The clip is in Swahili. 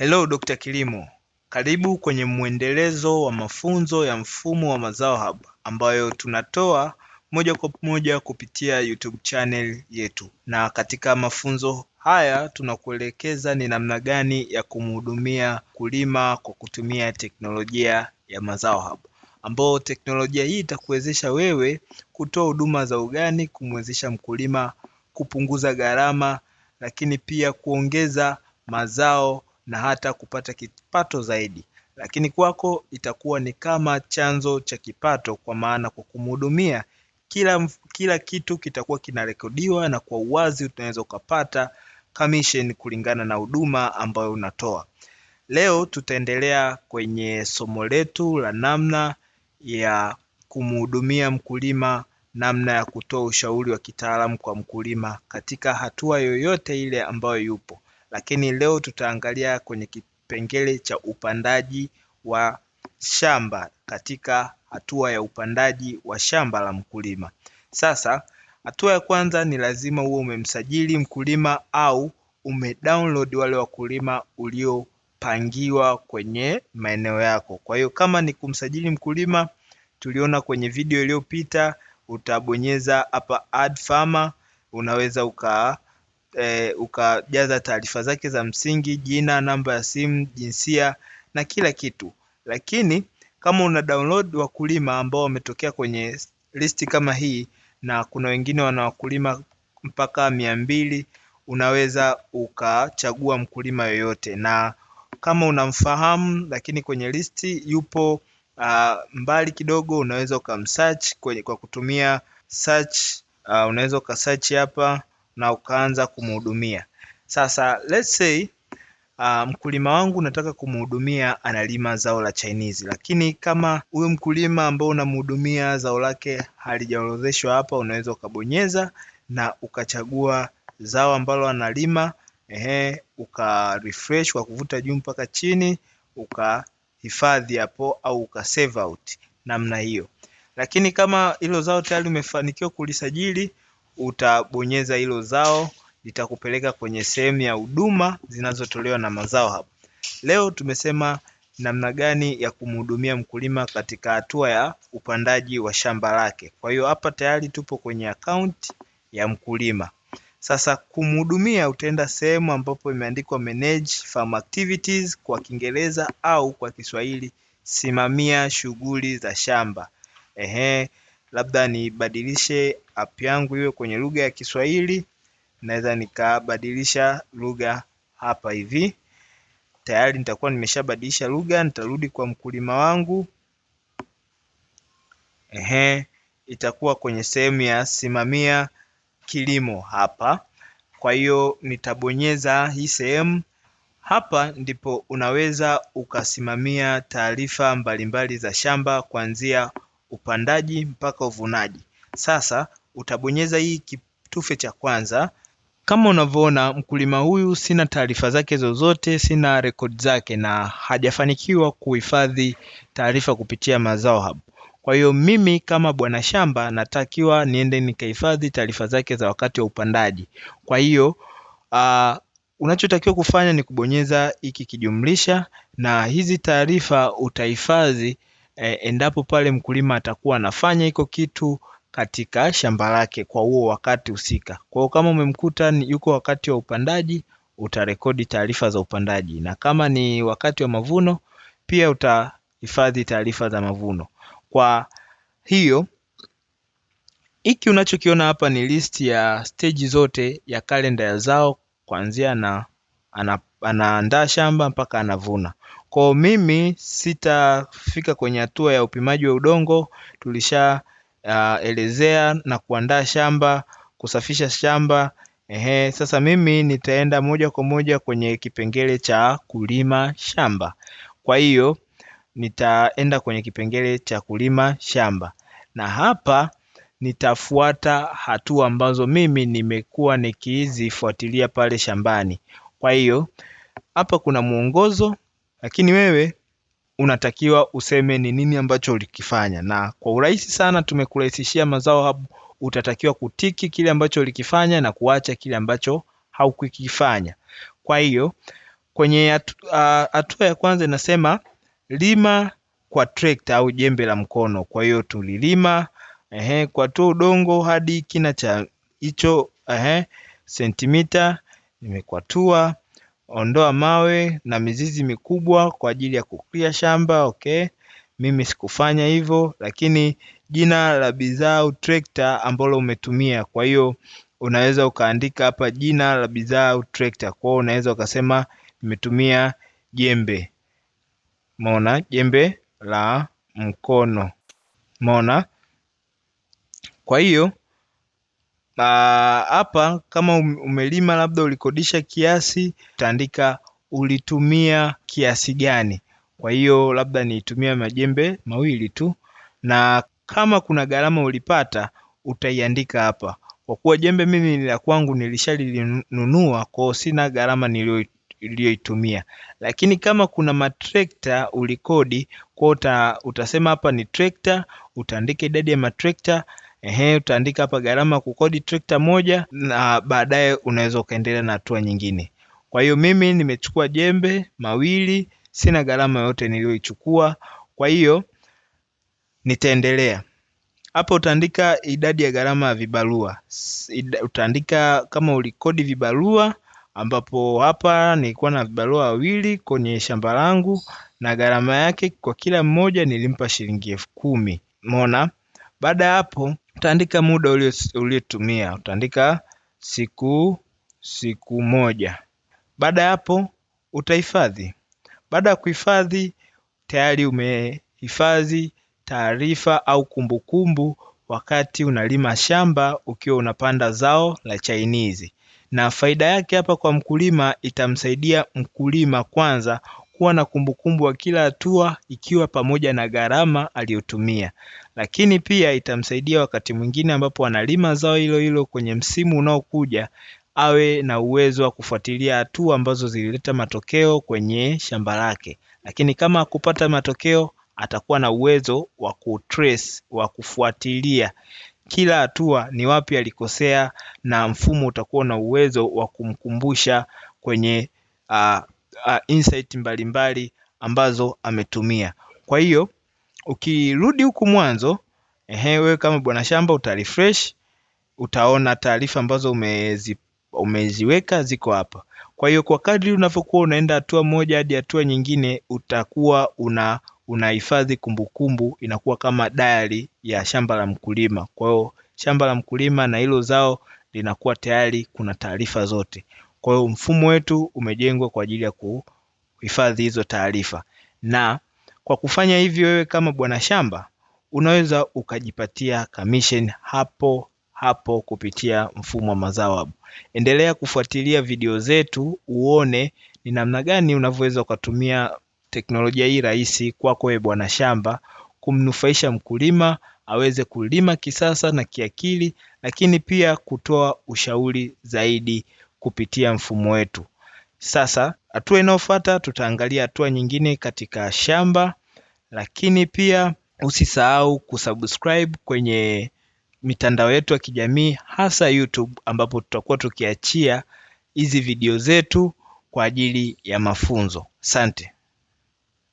Hello Dr. Kilimo. Karibu kwenye mwendelezo wa mafunzo ya mfumo wa mazao hub ambayo tunatoa moja kwa moja kupitia YouTube channel yetu. Na katika mafunzo haya tunakuelekeza ni namna gani ya kumhudumia kulima kwa kutumia teknolojia ya mazao hub, ambayo teknolojia hii itakuwezesha wewe kutoa huduma za ugani, kumwezesha mkulima kupunguza gharama, lakini pia kuongeza mazao na hata kupata kipato zaidi, lakini kwako itakuwa ni kama chanzo cha kipato, kwa maana kwa kumhudumia kila, kila kitu kitakuwa kinarekodiwa na kwa uwazi utaweza ukapata commission kulingana na huduma ambayo unatoa. Leo tutaendelea kwenye somo letu la namna ya kumhudumia mkulima, namna ya kutoa ushauri wa kitaalamu kwa mkulima katika hatua yoyote ile ambayo yupo lakini leo tutaangalia kwenye kipengele cha upandaji wa shamba katika hatua ya upandaji wa shamba la mkulima. Sasa hatua ya kwanza ni lazima uwe umemsajili mkulima au umedownload wale wakulima uliopangiwa kwenye maeneo yako. Kwa hiyo kama ni kumsajili mkulima, tuliona kwenye video iliyopita, utabonyeza hapa add farmer, unaweza uka e, ukajaza taarifa zake za msingi, jina, namba ya simu, jinsia na kila kitu. Lakini kama una download wakulima ambao wametokea kwenye listi kama hii, na kuna wengine wana wakulima mpaka mia mbili, unaweza ukachagua mkulima yoyote, na kama unamfahamu lakini kwenye listi yupo uh, mbali kidogo, unaweza ukamsearch kwa kutumia search uh, unaweza ukasearch hapa na ukaanza kumhudumia. Sasa let's say Uh, mkulima wangu nataka kumhudumia analima zao la Chinese, lakini kama huyo mkulima ambao unamhudumia zao lake halijaorodheshwa hapa, unaweza ukabonyeza na ukachagua zao ambalo analima ehe, uka refresh kwa kuvuta juu mpaka chini, ukahifadhi hapo au uka save out namna hiyo. Lakini kama hilo zao tayari umefanikiwa kulisajili utabonyeza hilo zao, litakupeleka kwenye sehemu ya huduma zinazotolewa na mazao hapa. Leo tumesema namna gani ya kumhudumia mkulima katika hatua ya upandaji wa shamba lake. Kwa hiyo hapa tayari tupo kwenye akaunti ya mkulima. Sasa kumhudumia, utaenda sehemu ambapo imeandikwa manage farm activities kwa Kiingereza au kwa Kiswahili simamia shughuli za shamba. Ehe labda nibadilishe app yangu iwe kwenye lugha ya Kiswahili, naweza nikabadilisha lugha hapa hivi. Tayari nitakuwa nimeshabadilisha lugha, nitarudi kwa mkulima wangu. Ehe, itakuwa kwenye sehemu ya simamia kilimo hapa. Kwa hiyo nitabonyeza hii sehemu hapa, ndipo unaweza ukasimamia taarifa mbalimbali za shamba kuanzia upandaji mpaka uvunaji. Sasa utabonyeza hii kitufe cha kwanza. Kama unavyoona mkulima huyu, sina taarifa zake zozote, sina rekodi zake na hajafanikiwa kuhifadhi taarifa kupitia mazao hapo. Kwa hiyo mimi kama bwana shamba natakiwa niende nikahifadhi taarifa zake za wakati wa upandaji. Kwa hiyo uh, unachotakiwa kufanya ni kubonyeza hiki kijumlisha, na hizi taarifa utahifadhi e, endapo pale mkulima atakuwa anafanya hiko kitu katika shamba lake kwa huo wakati husika. Kwa hiyo kama umemkuta yuko wakati wa upandaji, utarekodi taarifa za upandaji, na kama ni wakati wa mavuno pia utahifadhi taarifa za mavuno. Kwa hiyo hiki unachokiona hapa ni list ya stage zote ya kalenda ya zao kuanzia na ana, anaandaa shamba mpaka anavuna. Kwa mimi sitafika kwenye hatua ya upimaji wa udongo, tulishaelezea ah, na kuandaa shamba, kusafisha shamba. Ehe, sasa mimi nitaenda moja kwa moja kwenye kipengele cha kulima shamba. Kwa hiyo nitaenda kwenye kipengele cha kulima shamba, na hapa nitafuata hatua ambazo mimi nimekuwa nikizifuatilia pale shambani. Kwa hiyo hapa kuna mwongozo lakini wewe unatakiwa useme ni nini ambacho ulikifanya, na kwa urahisi sana tumekurahisishia Mazao hapo Utatakiwa kutiki kile ambacho ulikifanya na kuacha kile ambacho haukukifanya. Kwa hiyo kwenye ah, hatua ya kwanza inasema lima kwa trekta au jembe la mkono. Kwa hiyo tulilima ehe, kwa tu udongo hadi kina cha hicho sentimita nimekwatua ondoa mawe na mizizi mikubwa kwa ajili ya kuklia shamba okay. Mimi sikufanya hivyo, lakini jina la bidhaa trekta ambalo umetumia. Kwa hiyo unaweza ukaandika hapa jina la bidhaa trekta, kwao unaweza ukasema nimetumia jembe, mona jembe la mkono, mona Kwa hiyo na hapa kama umelima labda ulikodisha kiasi, utaandika ulitumia kiasi gani. Kwa hiyo labda nitumia majembe mawili tu, na kama kuna gharama ulipata utaiandika hapa. Kwa kuwa jembe mimi la kwangu nilishalinunua, kwao sina gharama niliyoitumia, lakini kama kuna matrekta ulikodi kwao uta, utasema hapa ni trekta, utaandika idadi ya matrekta ehe, utaandika hapa gharama kukodi trekta moja, na baadaye unaweza ukaendelea na hatua nyingine. Kwa hiyo mimi nimechukua jembe mawili, sina gharama yote niliyoichukua, kwa hiyo nitaendelea hapo Utaandika idadi ya gharama ya vibarua, utaandika kama ulikodi vibarua ambapo hapa nilikuwa na vibarua wawili kwenye shamba langu na gharama yake kwa kila mmoja nilimpa shilingi elfu kumi. Umeona? Baada ya hapo utaandika muda uliotumia, utaandika siku siku moja. Baada ya hapo utahifadhi. Baada ya kuhifadhi, tayari umehifadhi taarifa au kumbukumbu wakati unalima shamba ukiwa unapanda zao la chainizi, na faida yake hapa kwa mkulima, itamsaidia mkulima kwanza kuwa na kumbukumbu wa kila hatua ikiwa pamoja na gharama aliyotumia. Lakini pia itamsaidia wakati mwingine ambapo analima zao hilo hilo kwenye msimu unaokuja awe na uwezo wa kufuatilia hatua ambazo zilileta matokeo kwenye shamba lake. Lakini kama kupata matokeo atakuwa na uwezo wa kutrace, wa kufuatilia kila hatua ni wapi alikosea, na mfumo utakuwa na uwezo wa kumkumbusha kwenye uh, uh, insight mbalimbali ambazo ametumia. Kwa hiyo ukirudi huku mwanzo, ehe, wewe kama bwana shamba refresh, utaona taarifa ambazo umezi, umeziweka ziko hapa. Kwa hiyo kwa kadri unavyokuwa unaenda hatua moja hadi hatua nyingine, utakuwa una unahifadhi kumbukumbu, inakuwa kama diary ya shamba la mkulima. Kwa hiyo shamba la mkulima na hilo zao linakuwa tayari kuna taarifa zote. Kwa hiyo mfumo wetu umejengwa kwa ajili ya kuhifadhi hizo taarifa, na kwa kufanya hivyo, wewe kama bwana shamba unaweza ukajipatia commission hapo hapo kupitia mfumo wa MazaoHub. Endelea kufuatilia video zetu uone ni namna gani unavyoweza ukatumia teknolojia hii rahisi kwako wewe bwana shamba kumnufaisha mkulima aweze kulima kisasa na kiakili, lakini pia kutoa ushauri zaidi kupitia mfumo wetu. Sasa hatua inayofuata tutaangalia hatua nyingine katika shamba, lakini pia usisahau kusubscribe kwenye mitandao yetu ya kijamii hasa YouTube ambapo tutakuwa tukiachia hizi video zetu kwa ajili ya mafunzo. Asante.